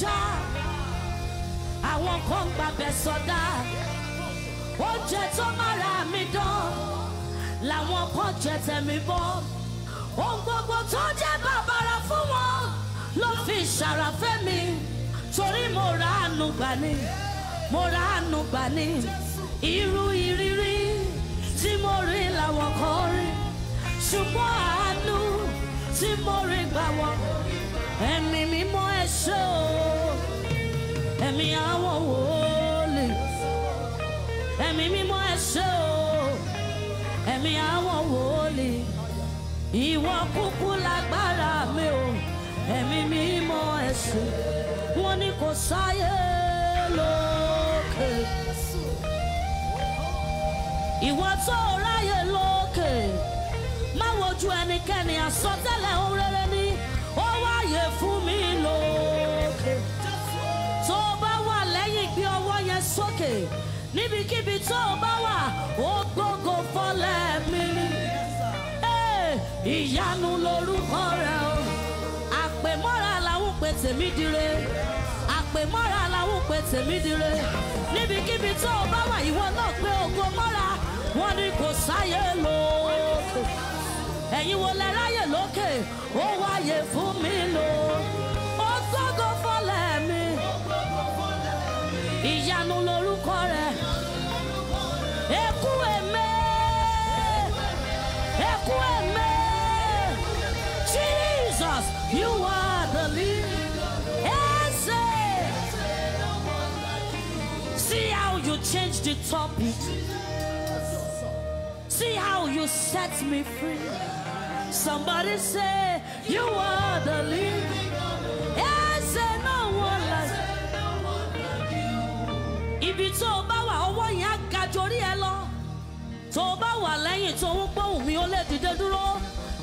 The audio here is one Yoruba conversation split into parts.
kọjá àwọn kan gbàbẹ̀ sọdá oúnjẹ tó mára mi dán làwọn kan jẹ tẹ̀mí bọ́ ohun gbogbo tó jẹ́ bàbàrà fún wọn ló fi ṣàràfẹ́ mi torí mo ra àánú gbà ni mo ra àánú gbà ni irú ìrírí tí mo rí làwọn kan rí ṣùgbọ́n àánú tí mo rí gbà wọ́n ẹ̀mí mímọ́ ẹ̀ ṣe ẹ̀mí àwọn wòlíì ẹ̀mí mímọ́ ẹ ṣé o ẹ̀mí àwọn wòlíì ìwọ kúkú lágbára mi o ẹ̀mí mímọ́ ẹ ṣé wọ́n ní kò sáyé lókè ìwọ tó ráyè lókè má wojú ẹnikẹ́ni àsọtẹ́lẹ̀ ohun rere ni. sókè níbikíbi tó o bá wà ó gbógo fọlẹ̀ mi. ìyanu lorúkọ rẹ o àpèmọ́ra làwọn pè tèmi dire àpèmọ́ra làwọn pè tèmi dire níbikíbi tó o bá wà ìwọ náà pé ògo mọ́ra wọn ni kò sáyé lókè ẹ̀yin wo lẹ lókè ó wáyé fún mi lókè. lórúkọ rẹ. Ẹkú ẹ̀mẹ́ ẹkú ẹ̀mẹ́ Jesus you are the leader. Ẹsẹ̀ see how you change the topic. See how you set me free. Somebody say you are the leader. níbi tó o bá wà ọwọ́ yẹn á ga jorí ẹ lọ tó o bá wà lẹ́yìn tó ń gbóhùn mi ó lè dìde dúró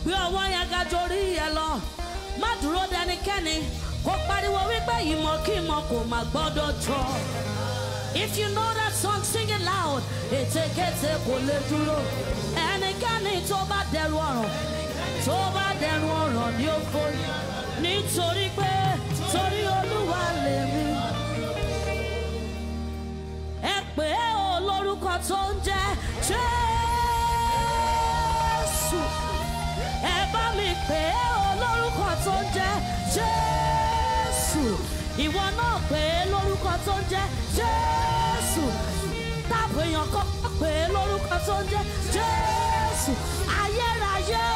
bí ọwọ́ yẹn ga jorí ẹ lọ má dúró dẹnikẹ́ni kó pariwo wípé ìmọ̀kímọ̀ kò má gbọ́dọ̀ jọ. If you know that song, sing it loud. Ètekéte kò lè dúró. Ẹnikẹ́ni tó bá dẹrù ọ̀ràn tó bá dẹrù ọ̀ràn ni ó kórè. Nítorí pé torí Olúwa rẹ̀. orúkọ tó ń jẹ mi pè é o lórúkọ tó ń jẹ Jésù ìwọ náà pè é lórúkọ tó ń jẹ Jésù táàbù èèyàn kan pè é lórúkọ tó ń jẹ Jésù ayérayé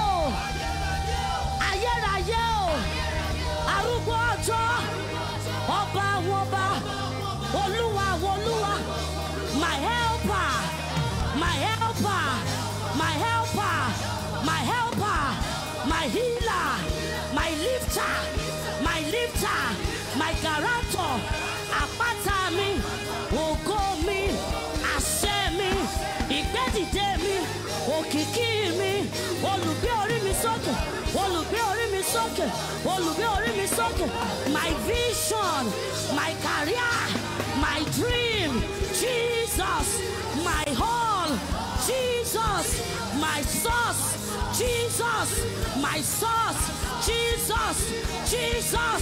my head. sókè olùgbé orí mi sókè my vision my career my dream Jesus my all Jesus my source Jesus my source Jesus Jesus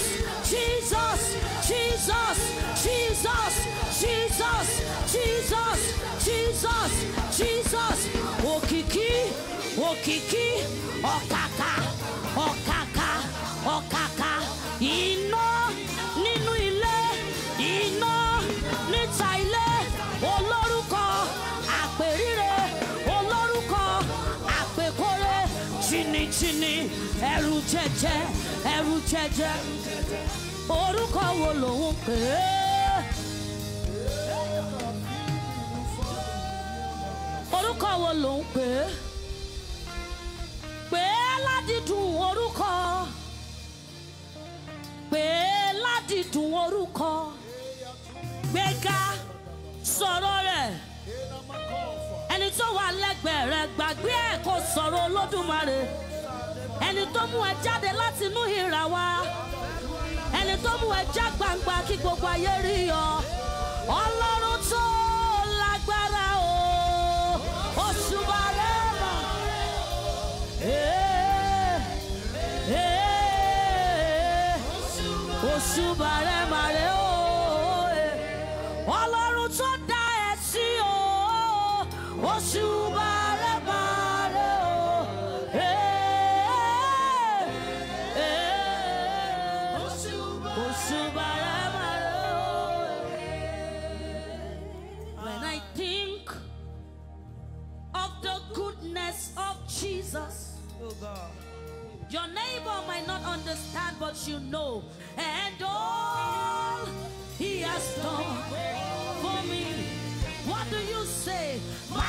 Jesus Jesus Jesus Jesus Jesus Jesus Jesus òkìkí òkìkí ọ̀kàkà ọ̀kàkà ọ̀kàkà iná nínú ilé iná níta ilé olórúkọ àpèrire olórúkọ àpèkóre jìnnìjìnnì ẹrù jẹjẹ ẹrù jẹjẹ orúkọ wo lòun pè é. orúkọ wo lòun pè é pè é ládìdùn orúkọ pè é ládìdùn orúkọ gbéga sọ̀rọ̀ rẹ̀ ẹni tó wà lẹ́gbẹ̀ẹ́ rẹ̀ gbàgbé ẹ̀ kó sọ̀rọ̀ olódùmarè ẹni tó mú ẹ jáde láti inú ìhìnrà wa ẹni tó mú ẹ já gbangba kí gbogbo ayé rí ọ ọlọ́run tó lágbára o òṣùbà rẹ̀ màrẹ̀ o ọlọ́run tó dá o màrẹ̀ o. When I think of the goodness of Jesus, oh God. Your neighbor might not understand, but you know. And and all he has done for me. What do you say? My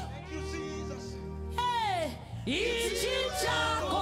一起加工。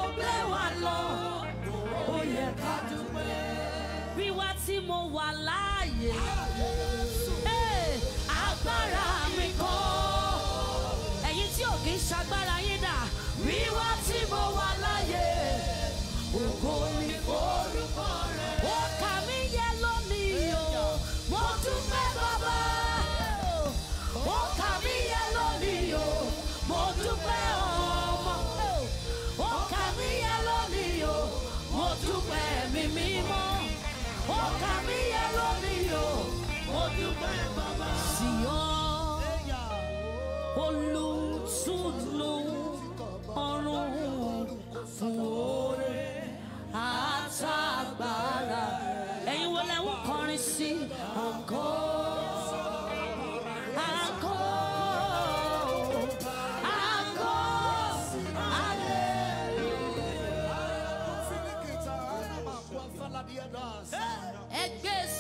mercy I'm cold I'm cold I'm cold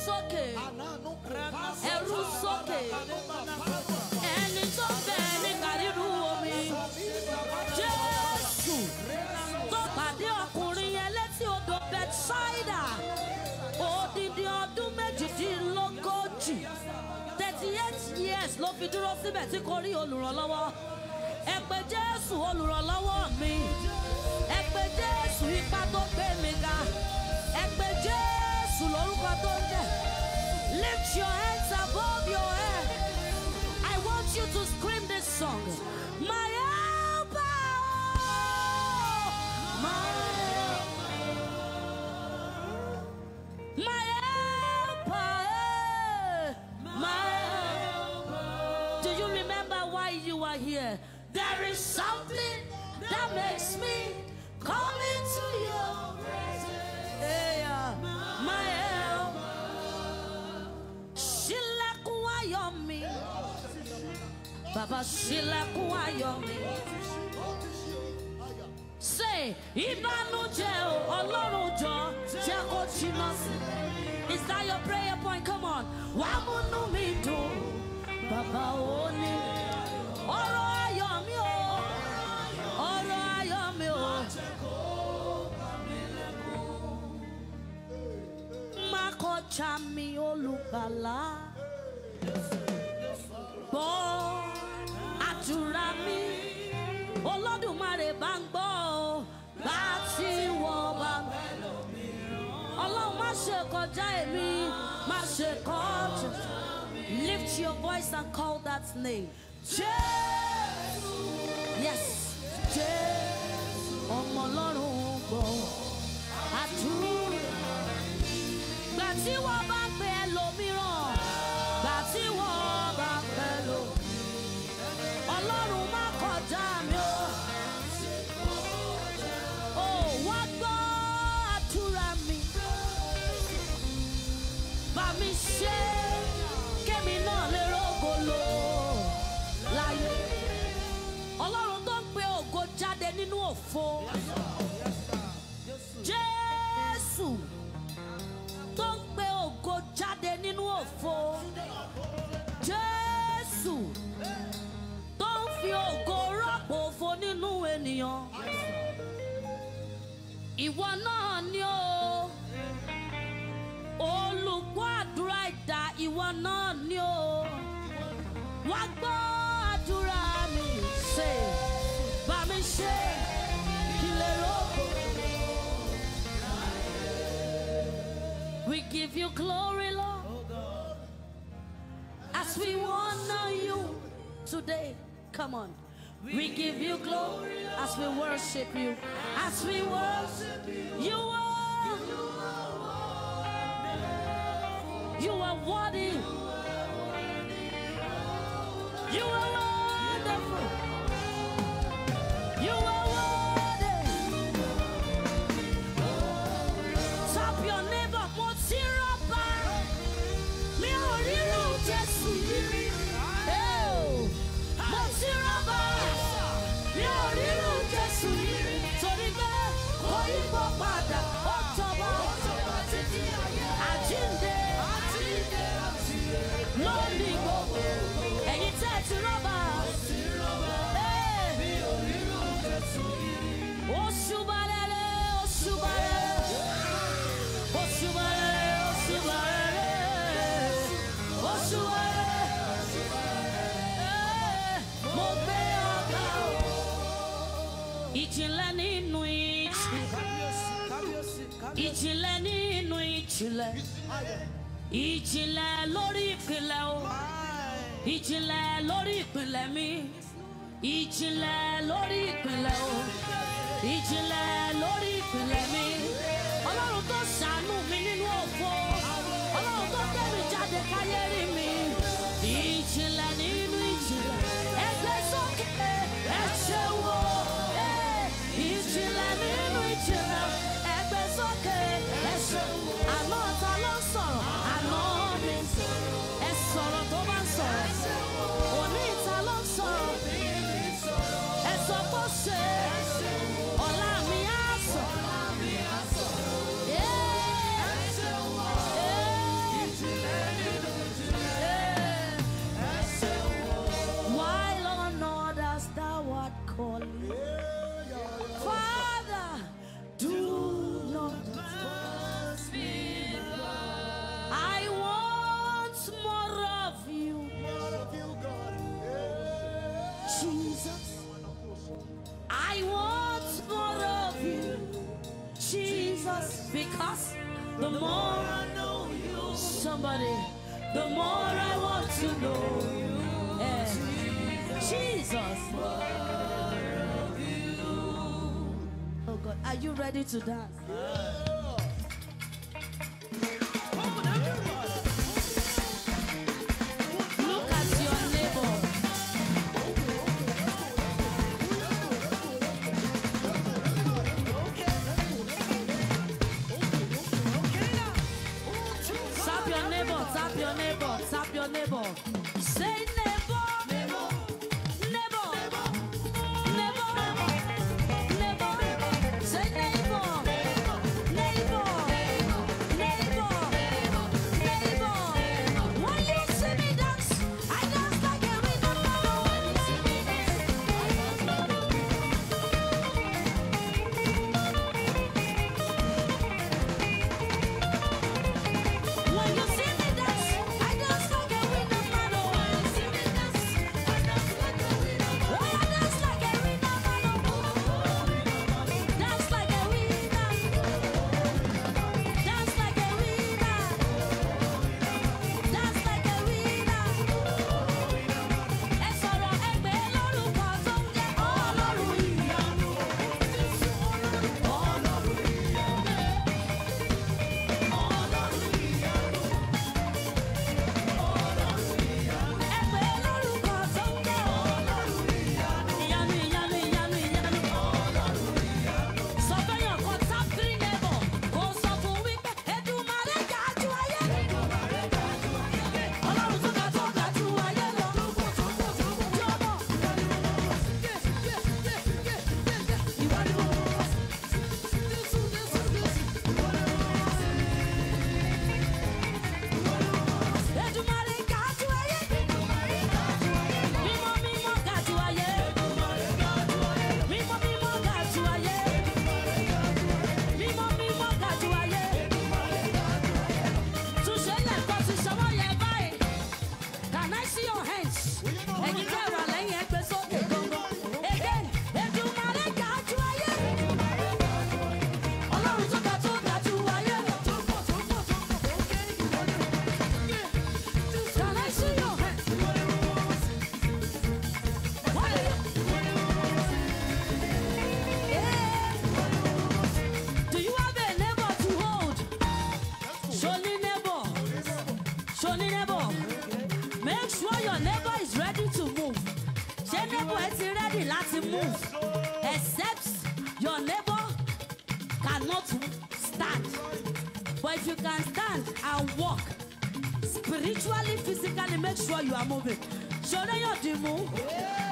sókè ẹrú sókè. fi dúró síbẹ̀ tí kò rí olùrànlọ́wọ́ ẹ pé Jésù olùrànlọ́wọ́ mi ẹ pé Jésù ipá tó gbé mi ga ẹ pé Jésù lórúkọ tó ń jẹ́ lift your hands above your head I want you to scream. There is something that makes me come into your presence. Hey, uh, my help. Shilakuayomi. Baba Shilakuayomi. Say, ìbànújẹ́ o, Ọlọ́run jọ̀ọ́, jẹ́ kó jìnnà sí. Is that your prayer point? Come on. Wàá múnú mi dùn, bàbá òní. স্বামী অলুকালা bọ́ aturami olódùmarè bangbo ń gbọ́ ọ bá tí má ṣe kọjá èmi má ṣe lift your voice and call that name jésù yes jésù ọmọ ọlọ́run. what you want. You are wonderful. You are ìjìnlẹ̀ lórí ìpìlẹ̀ o ìjìnlẹ̀ lórí ìpìlẹ̀ mi ìjìnlẹ̀ lórí ìpìlẹ̀ o ìjìnlẹ̀ lórí ìpìlẹ̀ mi ọlọ́run tó sá. to know you, Jesus. You. Oh God, are you ready to dance? sure you are moving. Show them your demo. Yeah.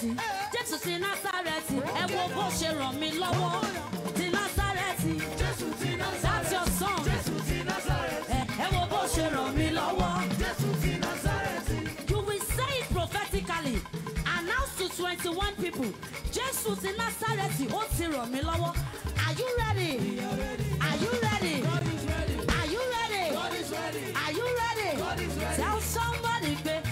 Násárẹ́tì Jésù ti Násárẹ́tì ẹ wo bó ṣe ràn mí lọ́wọ́ ti Násárẹ́tì Jésù ti Násárẹ́tì that's your song Jesus ti Násárẹ́tì ẹ wo bó ṣe ràn mí lọ́wọ́ Jésù ti Násárẹ́tì. You will say it prophetically announce to twenty-one people Jesus ti Násárẹ́tì ó ti ràn mí lọ́wọ́ are you ready? Are you ready? God is ready. Are you ready? God is ready. Are you ready? God is ready. Tell somebody pé.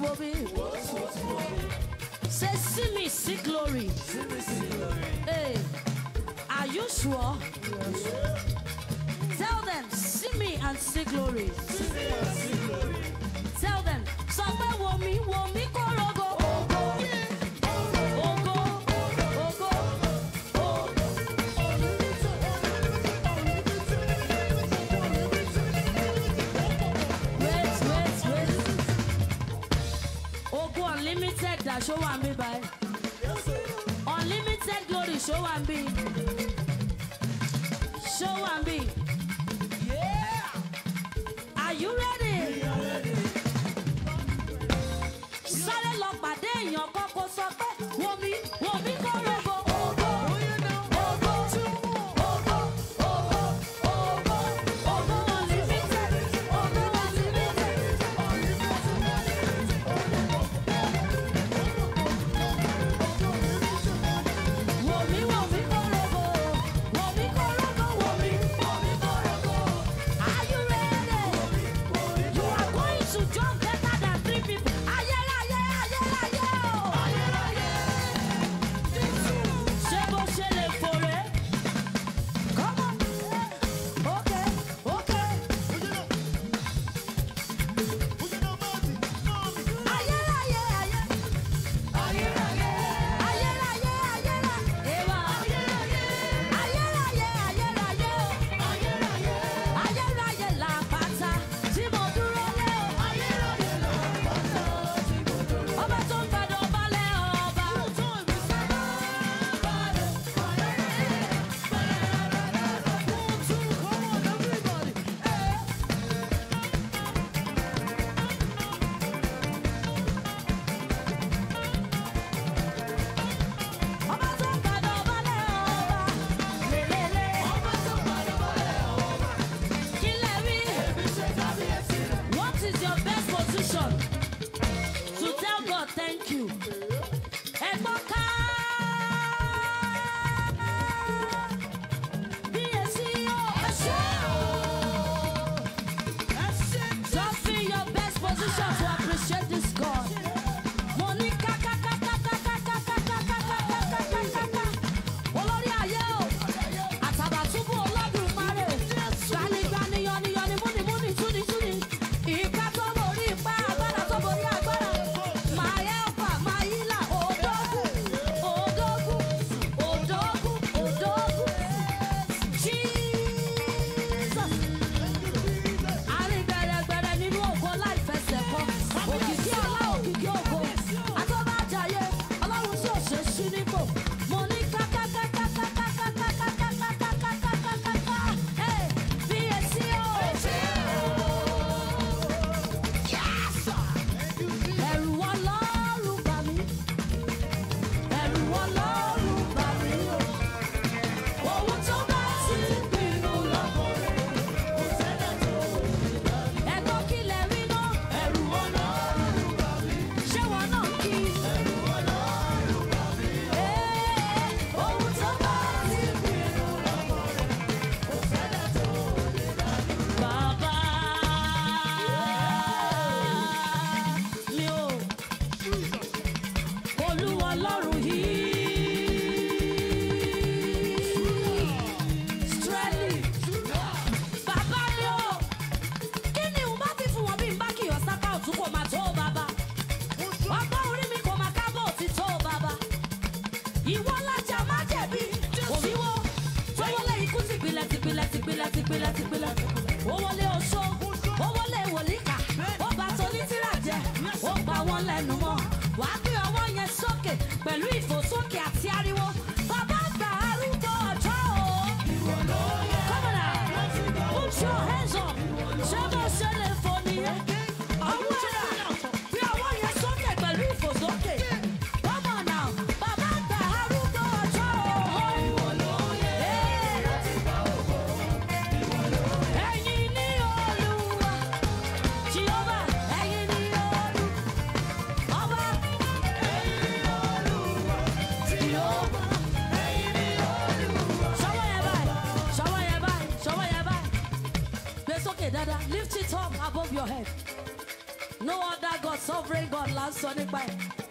wobi. Say, see me, see glory. See me, see glory. Hey, are you sure? Yes. Tell them, see me and see glory. See me and see glory. Tell them, somewhere wo mi, ṣó wà ń bí unlimited glory show wà be. love real God last Sunday. Bye.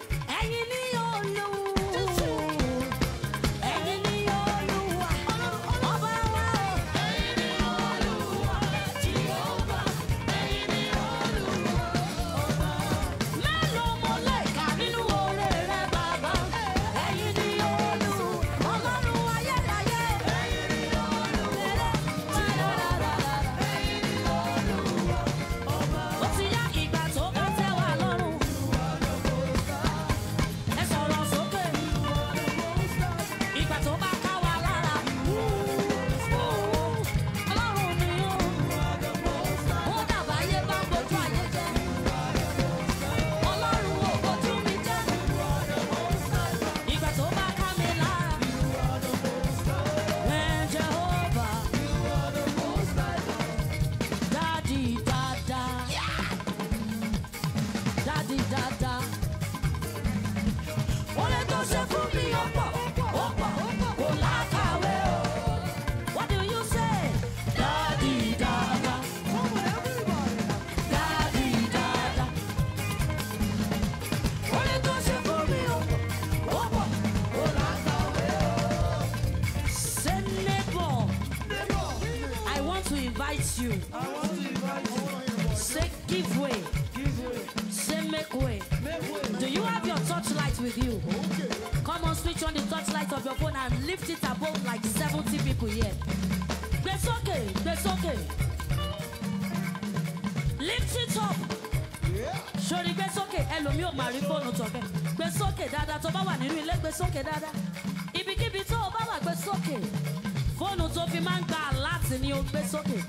okay.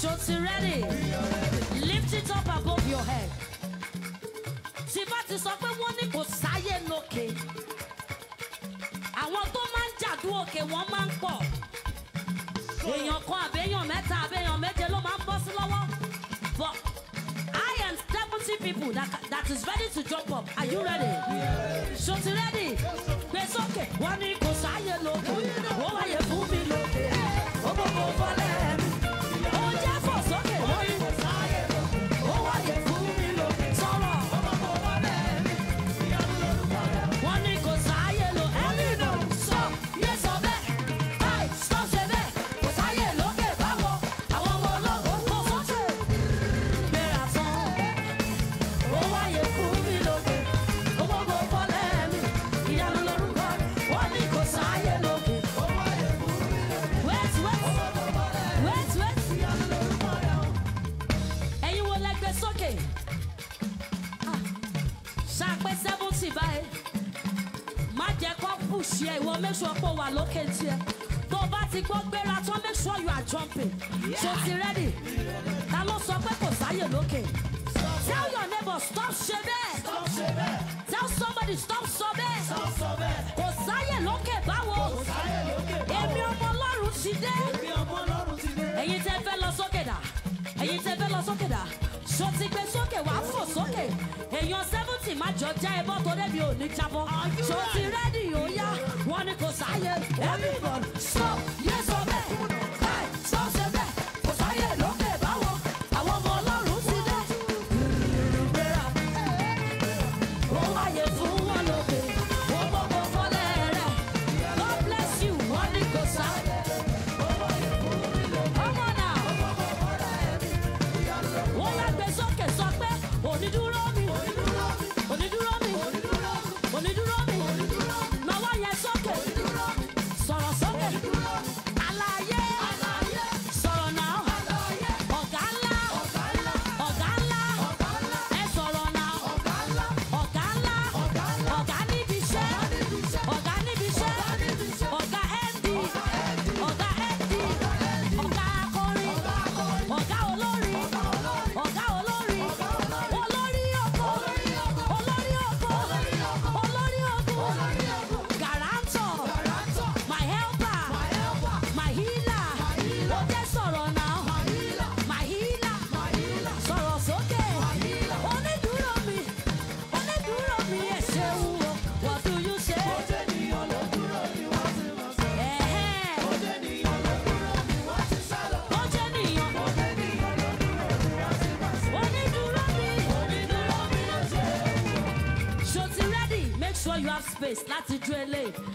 Ṣòtì ready. Lift it up above your head. Tí bá ti sọ pé wọ́n ní kò sáyé lókè. Àwọn tó máa ń jàdú òkè wọ́n máa ń pọ̀. Èèyàn kan àbẹ́yàn mẹ́ta àbẹ́yàn méje ló máa ń bọ́ sí But I am seventy people that, that is ready to jump up. Are you ready? Ṣòtì ready. Gbèsókè wọ́n ní kò sáyé lókè. Ó wáyé fún mi lókè povo valendo. ṣe ẹ ìwọ make sure pé o wà lókè tiẹ̀ tó o bá ti gbọ́ gbéra make sure you are jumping so ti ready ta ló sọ pé kò sáyè lókè tell your neighbor stop ṣe bẹ́ẹ̀ tell somebody stop sọ bẹ́ẹ̀ kò sáyè lókè báwo èmi ọmọ ọlọ́run ti dé èyí tẹ́ fẹ́ lọ sókè dà èyí tẹ́ fẹ́ lọ sókè dà ṣó ti gbé sókè wá fò sókè èèyàn seventy má jọ já ẹbọ torí mi ò ní jábọ́ ti rẹ́dì ó yá wọ́n ní kò sáyé everybody stop yé. grace láti ju eléyìí